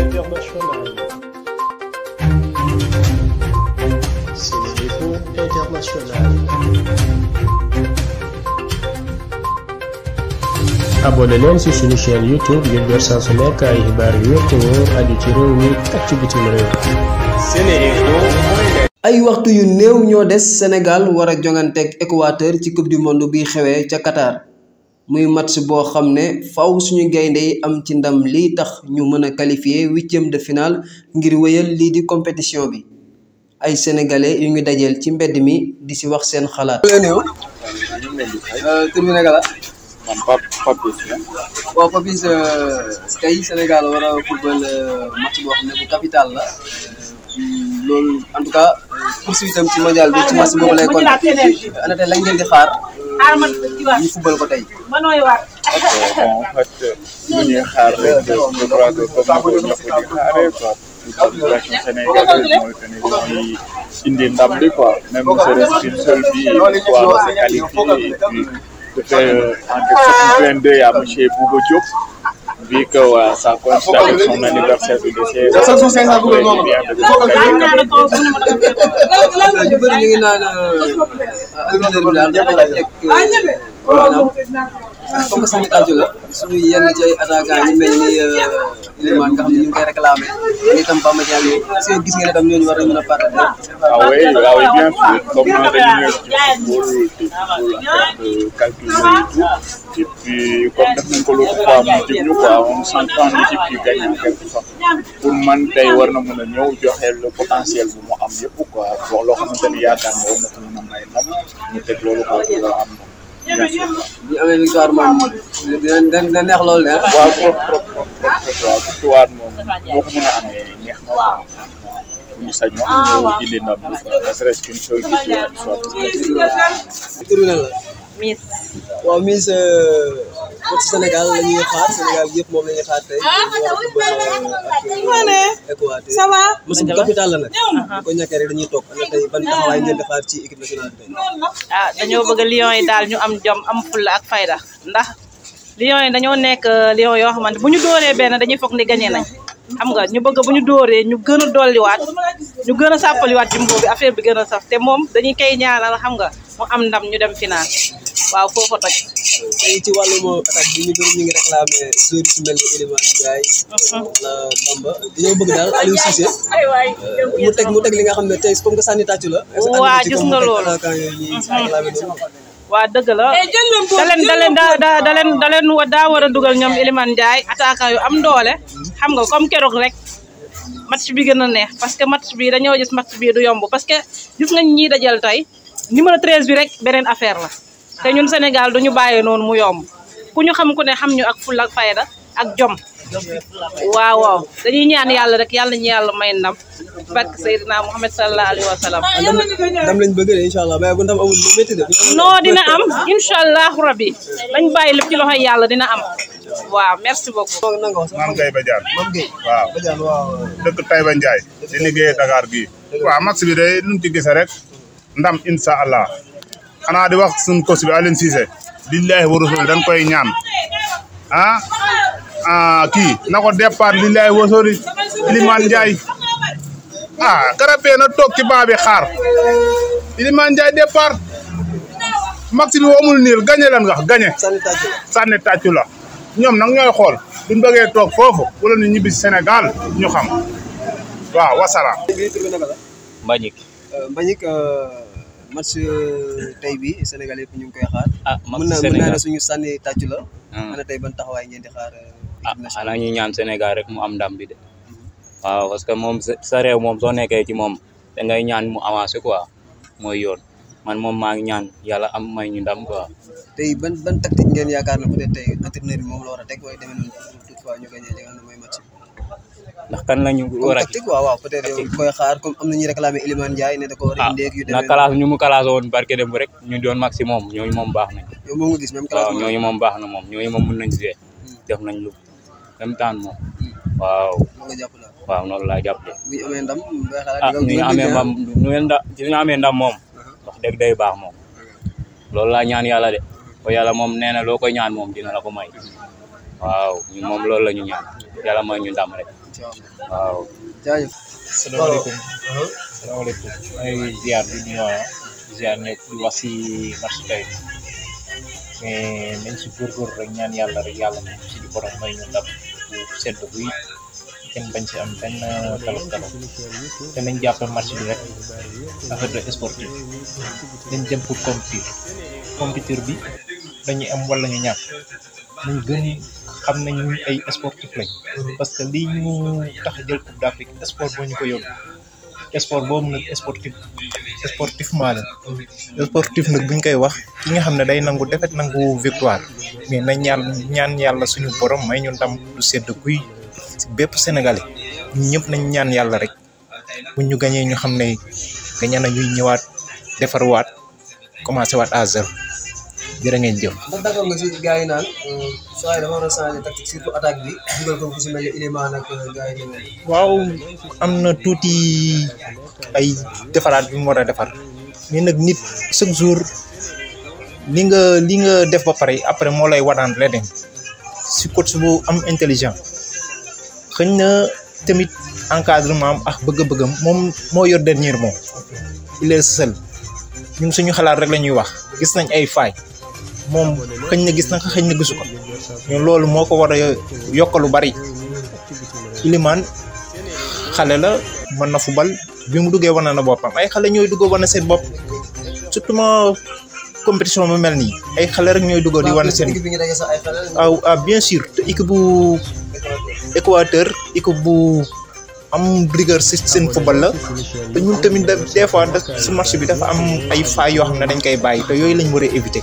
internationale. C'est l'info internationale. abonné YouTube ngir jot saa su nekk yu wér te ci réew mi ak bitim réew. ay waxtu yu néew ñoo des Sénégal war a jonganteeg Équateur ci coupe du monde bi xewee ca Qatar. muy match boo xam ne faw suñu gaynde yi am ci ndam li tax ñu mën a qualifier huitième de finale ngir wéyal lii di compétition bi ay sénégalais yu ñu dajeel ci mbedd mi di si wax seen xalaat. Euh, man Pape Pape Papis. Euh, euh, la loolu en tout cas poursuite ci mondial bi ci match boobu lay compter ana tey lañ di xaar. xaaral ma ñu fubal ko tey. ma nooy waat. bon en fait lu ñuy xaar rek je crois que comme ni ko di xaaree quoi. population sénégalaise mooy que ni mooy indi ndam bi quoi même serait-ce qu'une seule vie quoi se qualifier et puis de fait en 2022 y a monsieur Bouba Diop. bi a vu que ouais, ça coïncide avec son anniversaire de décès. waaw maanaam comme que syndicat la suñuy yenn ci ay attaquants ñu mel ni Elimane euh, nga xam ne ñu ngi koy réclamé mais itam Bamba Diagne yooyu gis nga ne tam ñooñu war nañu mën a participer. ah oui ah oui euh, euh, nañ ko loolu quoi mu jëm ñu quoi on s'entend man tey war na mën a ñëw joxe le potentiel bu mu am yëpp quoi loo xamante ni yaakaar naa war na ko mën a may ndam ñu teg loolu quoi pour am. ñu amee victoire moom dina neex loolu de waaw trop trop trop victoire moom boo ko mën a amee neex na waaw ñu sañoon ñëw jëli ndam bi ne serait-ce victoire soit. Miss. waaw Miss. Euh, kon Sénégal la ñuy xaar Sénégal yëpp moom la ñuy ah, toog ci équipe ah, dañoo bëgg Lions yi daal ñu am jom am fulla ak fayda ndax Lions yi dañoo nekk euh, Lions yoo xamante bu ñu dooree benn dañuy foog ni gagné nañ. xam nga ñu bëgg bu ñu dooree ñu gën a dolliwaat ñu gën a sàppaliwaat jumbo bi affaire bi gën a saf te moom dañuy kay ñaanal xam nga mu am ndam ñu dem final. waaw foofa toj. tey ci wàllum attaque bi ñu bëri ñu ngi réclamé joueur yu mel ni Iliman Ndiaye. Mhm. wala Bamba dañoo bëgg daal euh, mu teg li nga xam ne tey comme que sànni tàccu la. waa gis nga loolu mhm. waa dëgg la eh, da leen da leen da da leen da leen war a dugal ñoom Iliman Ndiaye attaquant yu am doole. Mhm. xam nga comme keroog rek. match bi gën a neex parce que match bi dañoo gis match bi du yomb parce que gis nga ñi dajal tey numéro 13 bi rek beneen affaire la. te ñun Sénégal duñu bàyyi noonu mu yomb ku ñu xam ku ne xam ñu ak fulla ak fayda ak jom waaw waaw dañuy ñaan yàlla rek yàlla ñu yàlla may ndam bakk Seydina Muhammad sallallahu alayhi wa sallam. Ah, ndam lañ dina am incha allahu rabbi dañ bàyyi lépp ci loxoy yàlla dina am. waaw merci beaucoup. Mame Gueye Badiane. Mame Gueye waaw Badiane waaw. dëkk Taïba Ndiaye. di liggéey Dakar gii. waaw match bi rek. ndam incha allah. xanaa di wax suñ coach bi Alioune Cissé lillahi wa rasul dañ koy ñaan ah? ah kii na ko départ lillahi wa rasul Iliman Ndiaye ah Krépin na toog ci baa bi xaar Iliman Ndiaye départ max bi amul niil gañe lan gañe sànni tàccu la ñoom nag ñooy xool duñ bëggee toog foofu wala ñu ñibbi Sénégal ñu xam waaw wasalaam Mbagnick euh, euh, match euh, tey bi Sénégal yëpp ñu ngi koy xaar. a ah, match Sénégal mën suñu sànni tàcc la. ana ah. tey ban taxawaay ngeen di xaar. Euh, ah ana ñu ñaan Sénégal rek mu am ndam bi de. Mhm. waaw parce que moom sa réew moom soo nekkee ci moom da ngay ñaan mu avancé quoi mooy yoon man moom maa ñaan yàlla am may ñu ndam quoi. tey ban ban tactique ngeen yaakaar ne peut-être tey a teg waaye demee ndax kan lañu war a tactique waaw waaw peut être yow koy xaar comme am nañu réclamé Elimane Ndiaye ne da ko a ah, indi ak yu demee ndax classe ñu mu classé barke dem rek ñu doon maximum moom baax moom nga gis même classe waaw ñooñu moom baax na moom ñooñu moom mën nañ jouer hmm. def nañ lu même temps moom hmm. waaw waaw noonu laa jàppale bu ñu amee ndam bu ah, ñu amee ndam bu ñu amee ndam moom uh-huh. wax dëgg day baax moom uh-huh. loolu laa ñaan yàlla de ko yàlla moom nee na loo koy ñaan moom dina la ko may uh-huh. waaw ñun moom loolu la ñu ñaan yàlla may ñu ndam rek waaw jaajëf. salaamaaleykum. salaamaaleykum. maa ngi ziar di nuyuwaat ziar ñëpp si marché tey mais nañ si góorgóorlu rek ñaan yàlla yàlla moom si di borom may ñu ndam bu sedd buy kenn bañ si am benn talof talof te nañ jàppe marché bi rek affaire de sportif dañ dem pour compétir compétir bi dañuy am wala ñu ñàkk nañ gën xam nañ ay sportif lañ parce que lii ñu tax jël coupe d'Afrique sport boo ñu ko yóbbu sport boobu nag sportif sportivement la sportif nag buñ koy wax ki nga xam ne day nangu défaite nangu victoire mais na ñaan ñaan yàlla suñu borom may ñu ndam lu sedd kuy bépp sénégalais ñun ñëpp nañ ñaan yàlla rek bu ñu gañee ñu xam ne gañe na ñuy ñëwaat defarwaat commencé waat à jërë ngeen jëf. ndax d'accord nga si yi naan euh, saa attaque bi dugal ko ku si euh, mel waaw am na tuuti ay defaraat bi mu war a defar mais nag nit chaque jour li nga li nga def ba pare après moo lay waraan leneen si coach bu am intelligent xëñ na tamit encadrement am ak bëgg-bëggam moom moo yor dernier mot il est seul ñun suñu xalaat rek la ñuy wax gis nañ ay failles. moom xëñ na gis na ko xëñ na gisu ko ñun loolu moo ko war a yokk lu bari Iliman xale la mën na fubal bi mu duggee wane na boppam ay xale ñooy duggoo wanna seen bopp surtout ma compétition bu mel nii ay xale rek ñooy duggoo di wane seen aw ah, ah bien sûr te équipe bu Équateur équipe bu am rigueur si seen football la te ñun tamit des fois da si marché bi dafa am ay failles yoo xam ne dañ koy bàyyi te yooyu lañ war a éviter.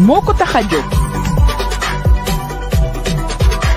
moo ko tax a jóg